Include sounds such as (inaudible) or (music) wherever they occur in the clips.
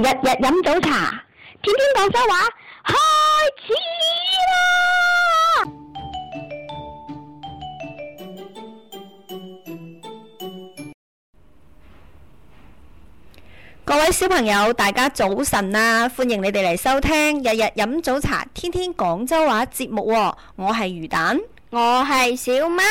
日日飲早茶，天天廣州話，開始啦！各位小朋友，大家早晨啊！歡迎你哋嚟收聽《日日飲早茶，天天廣州話》節目喎、哦。我係魚蛋，我係小貓。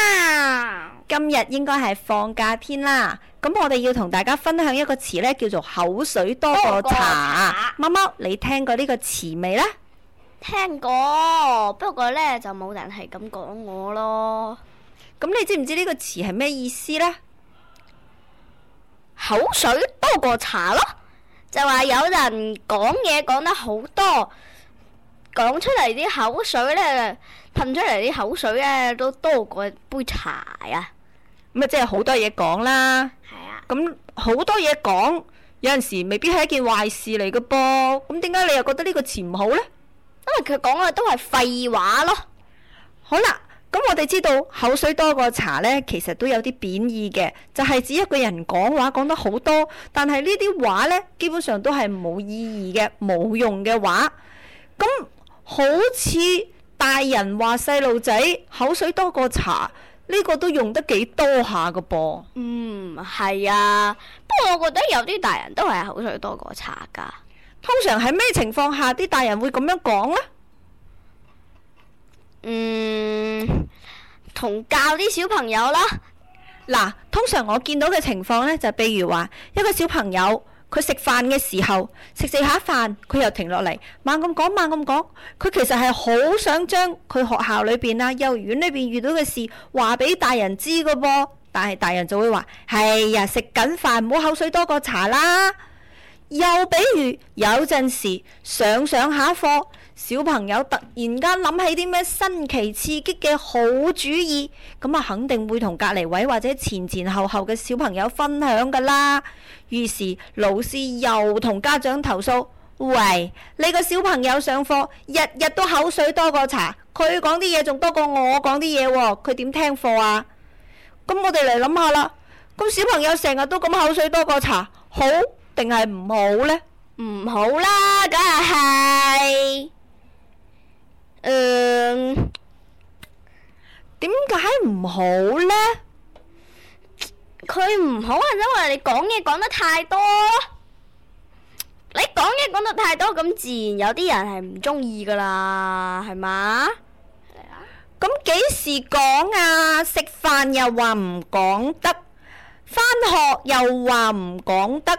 今日應該係放假天啦，咁我哋要同大家分享一個詞呢，叫做口水多過茶。過茶。貓貓，你聽過呢個詞未咧？聽過，不過呢就冇人係咁講我咯。咁你知唔知呢個詞係咩意思呢？「口水多過茶」咯，就話有人講嘢講得好多，講出嚟啲口水呢，噴出嚟啲口水呢，都多過杯茶啊！咁啊，即係好多嘢講啦。咁好多嘢講，有陣時未必係一件壞事嚟噶噃。咁點解你又覺得呢個詞唔好呢？因為佢講嘅都係廢話咯。好啦，咁我哋知道口水多過茶呢，其實都有啲貶義嘅，就係、是、指一個人講話講得好多，但係呢啲話呢，基本上都係冇意義嘅、冇用嘅話。咁好似大人話細路仔口水多過茶。呢個都用得幾多下噶噃，嗯係啊，不過我覺得有啲大人都係口水多過茶噶。通常喺咩情況下啲大人會咁樣講呢？嗯，同教啲小朋友啦。嗱，通常我見到嘅情況呢，就譬如話一個小朋友。佢食飯嘅時候食食下飯，佢又停落嚟，猛咁講，猛咁講。佢其實係好想將佢學校裏邊啊、幼兒園裏邊遇到嘅事話俾大人知嘅噃，但係大人就會話：哎呀，食緊飯，唔好口水多過茶啦。又比如有陣時上上下課。小朋友突然間諗起啲咩新奇刺激嘅好主意，咁啊肯定會同隔籬位或者前前後後嘅小朋友分享噶啦。於是老師又同家長投訴：喂，你個小朋友上課日日都口水多過茶，佢講啲嘢仲多過我講啲嘢，佢點聽課啊？咁我哋嚟諗下啦。咁小朋友成日都咁口水多過茶，好定係唔好呢？唔好啦，梗係。嗯，點解唔好呢？佢唔好係，因為你講嘢講得太多。你講嘢講得太多，咁自然有啲人係唔中意噶啦，係嘛？咁幾時講啊？食飯又話唔講得，返學又話唔講得。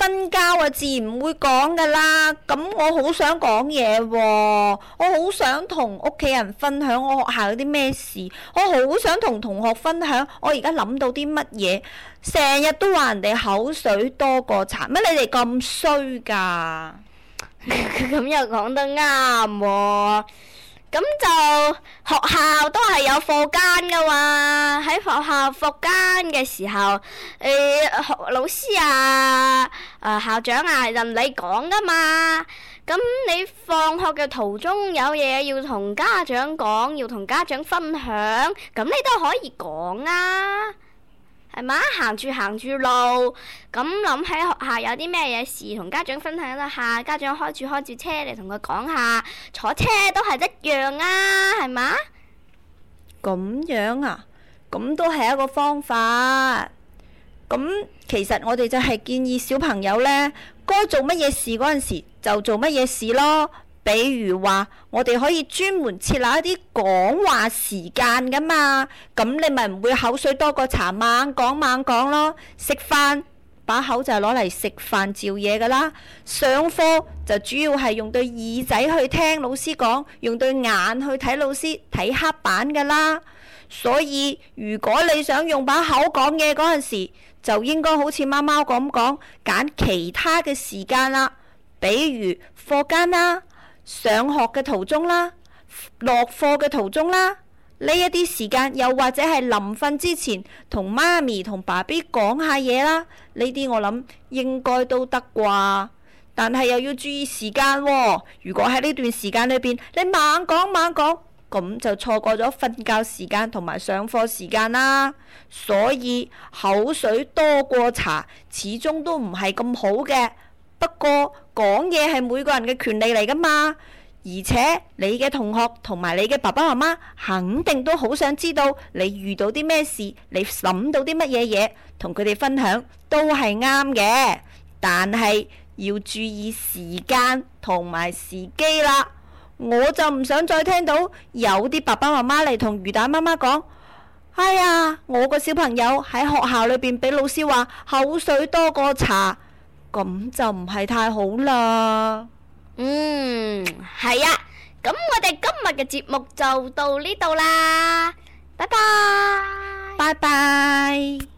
瞓覺啊，自然唔會講噶啦。咁我好想講嘢喎，我好想同屋企人分享我學校有啲咩事，我好想同同學分享我而家諗到啲乜嘢。成日都話人哋口水多過茶，乜你哋咁衰噶？咁 (laughs) 又講得啱喎、哦。咁就學校都係有課間噶嘛、啊，喺學校課間嘅時候，誒、呃、學老師啊、啊校長啊任你講噶嘛。咁你放學嘅途中有嘢要同家長講，要同家長分享，咁你都可以講啊。係嘛？行住行住路，咁諗喺，學校有啲咩嘢事，同家長分享一下。家長開住開住車嚟同佢講下，坐車都係一樣啊，係嘛？咁樣啊？咁都係一個方法。咁其實我哋就係建議小朋友呢，該做乜嘢事嗰陣時就做乜嘢事咯。比如話，我哋可以專門設立一啲講話時間噶嘛。咁你咪唔會口水多過茶，猛講猛講咯。食飯把口就係攞嚟食飯照嘢噶啦。上課就主要係用對耳仔去聽老師講，用對眼去睇老師睇黑板噶啦。所以如果你想用把口講嘢嗰陣時，就應該好似貓貓咁講，揀其他嘅時間啦。比如課間啦。上學嘅途中啦，落課嘅途中啦，呢一啲時間又或者係臨瞓之前同媽咪同爸比講下嘢啦，呢啲我諗應該都得啩。但係又要注意時間喎，如果喺呢段時間裏邊你猛講猛講，咁就錯過咗瞓覺時間同埋上課時間啦。所以口水多過茶，始終都唔係咁好嘅。不過講嘢係每個人嘅權利嚟噶嘛，而且你嘅同學同埋你嘅爸爸媽媽肯定都好想知道你遇到啲咩事，你諗到啲乜嘢嘢，同佢哋分享都係啱嘅，但係要注意時間同埋時機啦。我就唔想再聽到有啲爸爸媽媽嚟同魚蛋媽媽講，哎呀，我個小朋友喺學校裏邊俾老師話口水多過茶。咁就唔係太好啦。嗯，係啊。咁我哋今日嘅節目就到呢度啦。拜拜，拜拜。